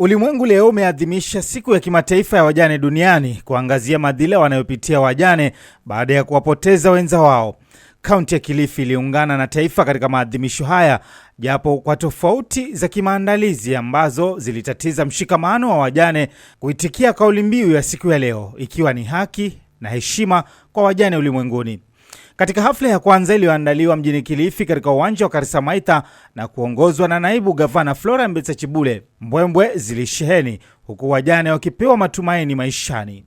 Ulimwengu leo umeadhimisha siku ya kimataifa ya wajane duniani kuangazia madhila wanayopitia wajane baada ya kuwapoteza wenza wao. Kaunti ya Kilifi iliungana na taifa katika maadhimisho haya, japo kwa tofauti za kimaandalizi ambazo zilitatiza mshikamano wa wajane kuitikia kauli mbiu ya siku ya leo, ikiwa ni haki na heshima kwa wajane ulimwenguni. Katika hafla ya kwanza iliyoandaliwa mjini Kilifi katika uwanja wa Maita na kuongozwa na naibu gavana Flora Mbetsa Chibule, mbwembwe zilisheheni huku wajane wakipewa matumaini maishani.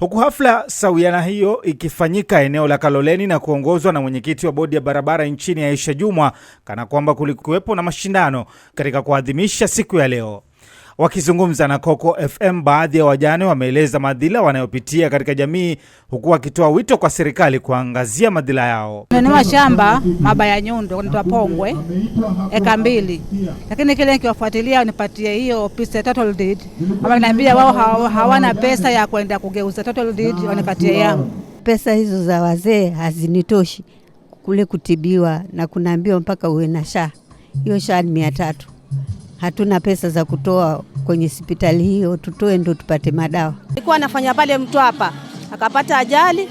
huku hafla sawia na hiyo ikifanyika eneo la Kaloleni na kuongozwa na mwenyekiti wa bodi ya barabara nchini Aisha Jumwa, kana kwamba kulikuwepo na mashindano katika kuadhimisha siku ya leo. Wakizungumza na Coco FM, baadhi ya wajane wameeleza madhila wanayopitia katika jamii, huku wakitoa wito kwa serikali kuangazia madhila yao. Nenea shamba ya nyundo naitwa Pongwe, eka mbili, lakini kile nikiwafuatilia nipatie hiyo pisa ya title ama wananiambia wao hawana pesa ya kwenda kugeuza title deed, wanikatie yangu. Pesa hizo za wazee hazinitoshi kule kutibiwa, na kunaambiwa mpaka uwe na shaa, hiyo shaa ni mia tatu hatuna pesa za kutoa kwenye hospitali hiyo, tutoe ndo tupate madawa. Nilikuwa nafanya pale Mtwapa, akapata ajali.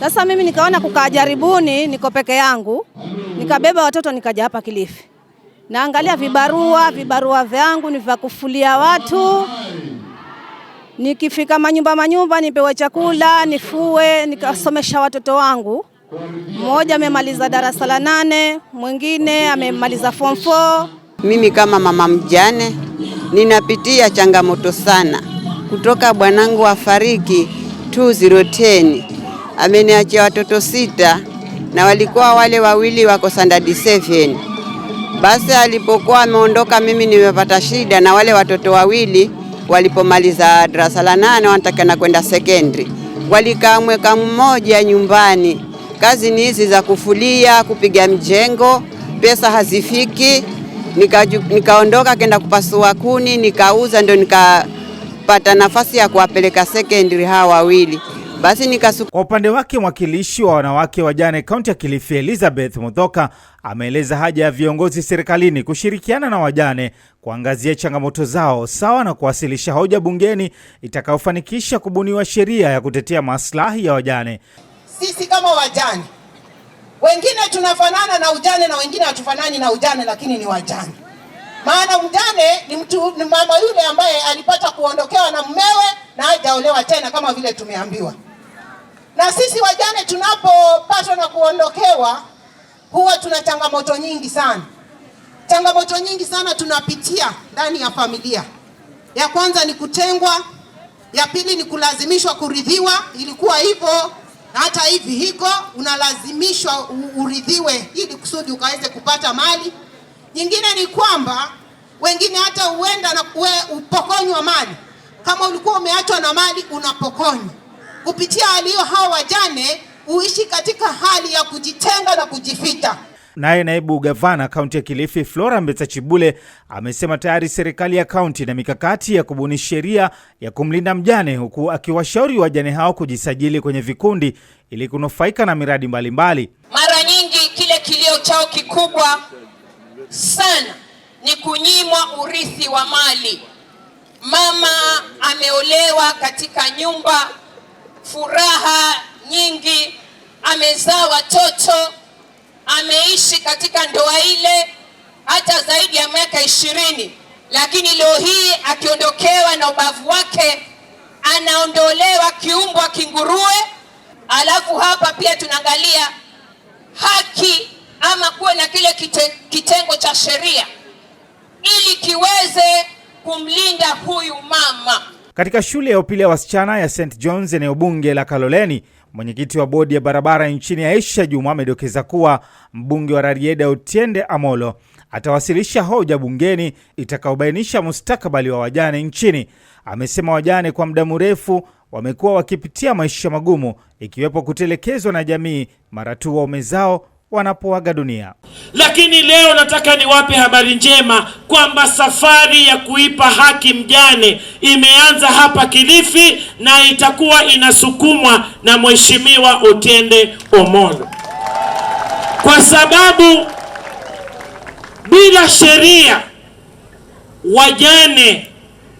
Sasa mimi nikaona kukaa jaribuni, niko peke yangu, nikabeba watoto nikaja hapa Kilifi. Naangalia vibarua, vibarua vyangu ni vya kufulia watu nikifika manyumba manyumba, nipewe chakula nifue, nikasomesha watoto wangu. Mmoja amemaliza darasa la nane, mwingine amemaliza form mimi kama mama mjane ninapitia changamoto sana, kutoka bwanangu afariki 2010 ameniachia watoto sita, na walikuwa wale wawili wako standard 7. Basi alipokuwa ameondoka, mimi nimepata shida na wale watoto wawili walipomaliza darasa la nane wanatakana kwenda sekondari, walikaa mweka mmoja nyumbani. Kazi ni hizi za kufulia, kupiga mjengo, pesa hazifiki nikaondoka nika kenda kupasua kuni nikauza, ndo nikapata nafasi ya kuwapeleka sekondari hawa wawili. Basi nikasu... Kwa upande wake mwakilishi wa wanawake wajane kaunti ya Kilifi Elizabeth Mudhoka ameeleza haja ya viongozi serikalini kushirikiana na wajane kuangazia changamoto zao sawa na kuwasilisha hoja bungeni itakayofanikisha kubuniwa sheria ya kutetea maslahi ya wajane. Sisi kama wajane wengine tunafanana na ujane na wengine hatufanani na ujane, lakini ni wajane. Maana mjane ni mtu, ni mama yule ambaye alipata kuondokewa na mmewe na hajaolewa tena, kama vile tumeambiwa. Na sisi wajane tunapopatwa na kuondokewa, huwa tuna changamoto nyingi sana, changamoto nyingi sana tunapitia ndani ya familia. Ya kwanza ni kutengwa, ya pili ni kulazimishwa kuridhiwa, ilikuwa hivyo hata hivi hiko unalazimishwa uridhiwe ili kusudi ukaweze kupata mali. Nyingine ni kwamba wengine hata huenda na upokonywa mali, kama ulikuwa umeachwa na mali unapokonywa. Kupitia hali hiyo, hawa wajane huishi katika hali ya kujitenga na kujifita Naye naibu gavana kaunti ya Kilifi Flora Mbetsa Chibule amesema tayari serikali ya kaunti na mikakati ya kubuni sheria ya kumlinda mjane, huku akiwashauri wajane hao kujisajili kwenye vikundi ili kunufaika na miradi mbalimbali mbali. Mara nyingi kile kilio chao kikubwa sana ni kunyimwa urithi wa mali. Mama ameolewa katika nyumba furaha nyingi, amezaa watoto ameishi katika ndoa ile hata zaidi ya miaka ishirini, lakini leo hii akiondokewa na ubavu wake anaondolewa kiumbwa kinguruwe. Alafu hapa pia tunaangalia haki ama kuwe na kile kite, kitengo cha sheria ili kiweze kumlinda huyu mama. Katika shule ya upili ya wasichana ya St John's eneo bunge la Kaloleni Mwenyekiti wa bodi ya barabara nchini Aisha Juma amedokeza kuwa mbunge wa Rarieda utiende Amolo atawasilisha hoja bungeni itakayobainisha mustakabali wa wajane nchini. Amesema wajane kwa muda mrefu wamekuwa wakipitia maisha magumu, ikiwepo kutelekezwa na jamii mara tu waume zao wanapoaga dunia. Lakini leo nataka niwape habari njema kwamba safari ya kuipa haki mjane imeanza hapa Kilifi na itakuwa inasukumwa na Mheshimiwa Otiende Omolo, kwa sababu bila sheria wajane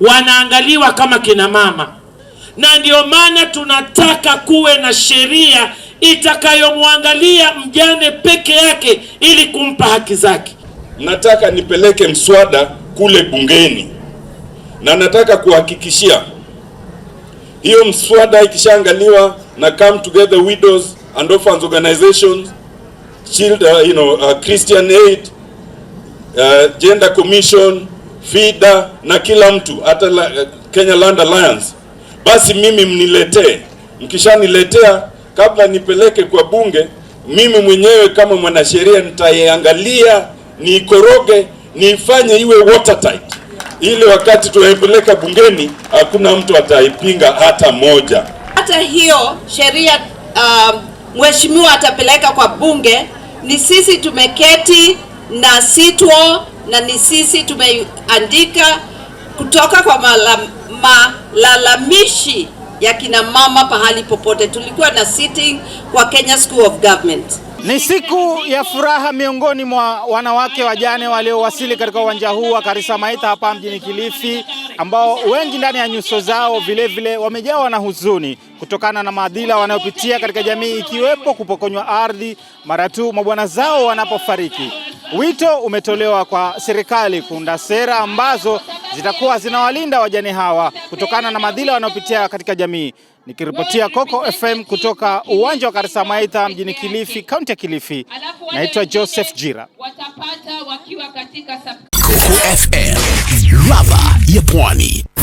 wanaangaliwa kama kina mama, na ndio maana tunataka kuwe na sheria itakayomwangalia mjane peke yake ili kumpa haki zake. Nataka nipeleke mswada kule bungeni, na nataka kuhakikishia hiyo mswada ikishaangaliwa na Come Together Widows and Orphans Organizations, Child, uh, you know, uh, Christian Aid, uh, Gender Commission, FIDA na kila mtu hata uh, Kenya Land Alliance, basi mimi mniletee, mkishaniletea kabla nipeleke kwa bunge, mimi mwenyewe kama mwanasheria nitaiangalia, niikoroge, niifanye iwe watertight, ili wakati tunaipeleka bungeni hakuna mtu ataipinga hata moja. Hata hiyo sheria uh, mheshimiwa atapeleka kwa bunge, ni sisi tumeketi na sitwo na ni sisi tumeandika kutoka kwa malalamishi ya kina mama pahali popote. Tulikuwa na sitting kwa Kenya School of Government. Ni siku ya furaha miongoni mwa wanawake wajane waliowasili katika uwanja huu wa Karisa Maitha hapa mjini Kilifi, ambao wengi ndani ya nyuso zao vilevile wamejawa na huzuni kutokana na maadhila wanayopitia katika jamii, ikiwepo kupokonywa ardhi mara tu mabwana zao wanapofariki. Wito umetolewa kwa serikali kuunda sera ambazo zitakuwa zinawalinda wajane hawa kutokana na madhila wanaopitia katika jamii. Nikiripotia Coco FM kutoka uwanja wa Karisamaitha mjini Kilifi, kaunti ya Kilifi, naitwa Joseph Jira. Coco FM, ladha ya Pwani.